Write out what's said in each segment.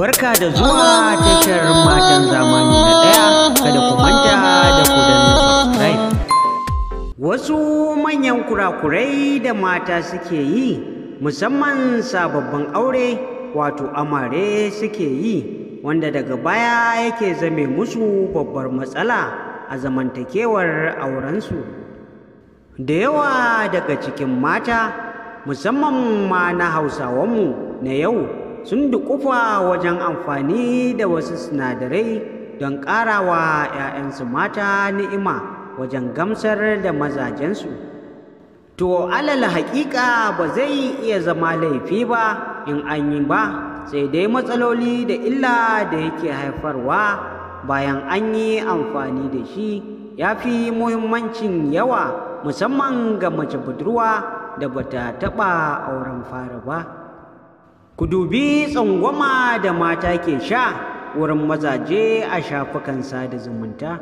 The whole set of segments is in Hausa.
Barka da zuwa tashar matan zamani na ɗaya kada ku manta da ku Wasu manyan kurakurai da mata suke yi musamman sababbin aure wato amare suke yi wanda daga baya yake zame musu babbar matsala a zamantakewar aurensu. Da yawa daga cikin mata musamman ma na hausawanmu na yau sun dukufa wajen amfani da wasu sinadarai don ƙarawa 'ya'yansu mata ni'ima wajen gamsar da mazajensu to alal haƙiƙa ba zai iya zama laifi ba in an yi ba sai dai matsaloli da illa da yake haifarwa bayan an yi amfani da shi ya fi muhimmancin yawa musamman ga mace budurwa da bata taɓa auren fara ba. Ku dubi tsangwama da mata ke sha wurin mazaje a shafukan sada zumunta.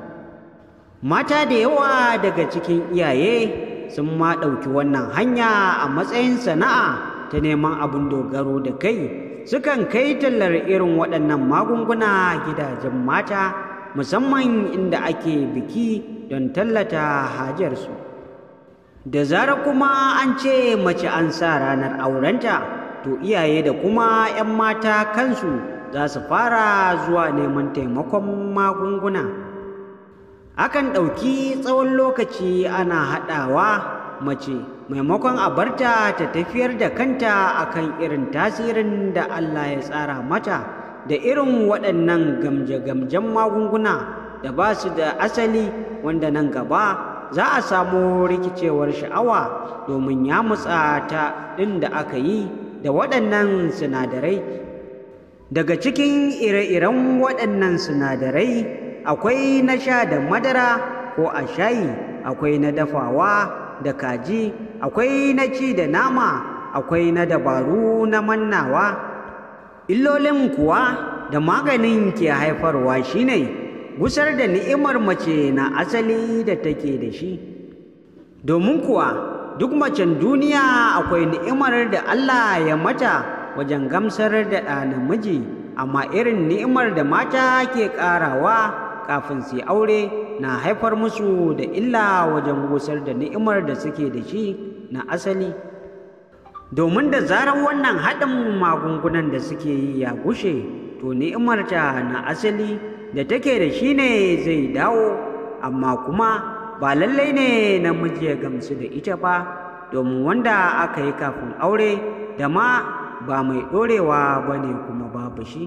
Mata da yawa daga cikin iyaye sun ma ɗauki wannan hanya a matsayin sana'a ta neman abin dogaro da kai sukan kai tallar irin waɗannan magunguna gidajen mata musamman inda ake biki don tallata hajarsu. Da zara kuma an ce mace an sa ranar aurenta. to iyaye da kuma 'yan mata kansu za su fara zuwa neman taimakon magunguna akan ɗauki tsawon lokaci ana haɗawa mace maimakon a barta ta tafiyar da kanta akan irin tasirin da Allah ya tsara mata da irin waɗannan gamje-gamjen magunguna da ba su da asali wanda nan gaba za a samu rikicewar sha'awa domin ya mutsa ta ɗin da aka yi da waɗannan sinadarai daga cikin ire-iren waɗannan sinadarai akwai na sha da madara ko a shayi akwai na dafawa da kaji akwai na ci da nama akwai na dabaru na mannawa illolin kuwa da maganin ke haifarwa shine gusar da ni'imar mace na asali da take da shi domin kuwa duk macen duniya akwai ni'imar da Allah ya mata wajen gamsar da ɗa namiji amma irin ni'imar da mata ke ƙarawa kafin su aure na haifar musu da illa wajen gusar da ni'imar da suke da shi na asali domin da zarar wannan haɗin magungunan da suke yi ya gushe to ni'imar ta na asali da take da shi ne zai dawo amma kuma ba lallai ne namiji ya gamsu da ita ba domin wanda aka yi kafin aure da ma ba mai ɗorewa ba ne kuma babu shi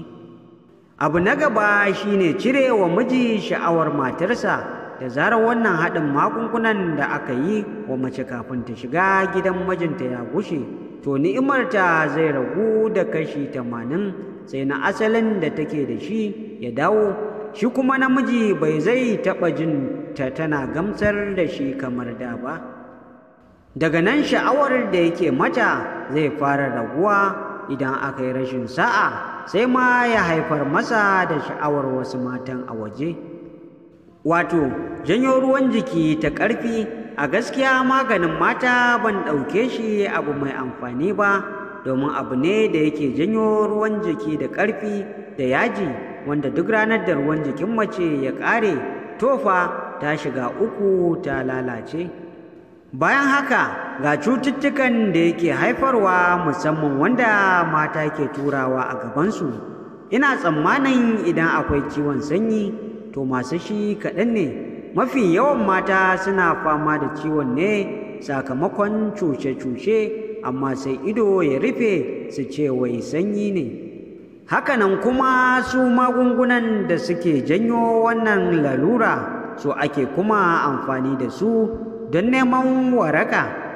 abu na gaba shine cire wa miji sha'awar matarsa da zarar wannan haɗin magungunan da aka yi wa mace kafin ta shiga gidan mijinta ya gushe to ni'imarta zai ragu da kashi tamanin sai na asalin da take da shi ya dawo shi kuma namiji bai zai taɓa jin ta tana gamsar da shi kamar da ba daga nan sha'awar da yake mata zai fara raguwa idan aka yi rashin sa'a sai ma ya haifar masa da sha'awar wasu matan a waje wato janyo ruwan jiki ta ƙarfi a gaskiya maganin mata ban ɗauke shi abu mai amfani ba domin abu ne da yake janyo ruwan jiki da ƙarfi da yaji wanda duk ranar da ruwan jikin mace ya ƙare tofa ta shiga uku ta lalace bayan haka ga cututtukan da yake haifarwa musamman wanda mata ke turawa a gabansu ina tsammanin idan akwai ciwon sanyi to masu shi kaɗan ne mafi yawan mata suna fama da ciwon ne sakamakon cuce-cuce amma sai ido ya rufe su ce wai sanyi ne hakanan kuma su magungunan da suke janyo wannan lalura su ake kuma amfani da su don neman waraka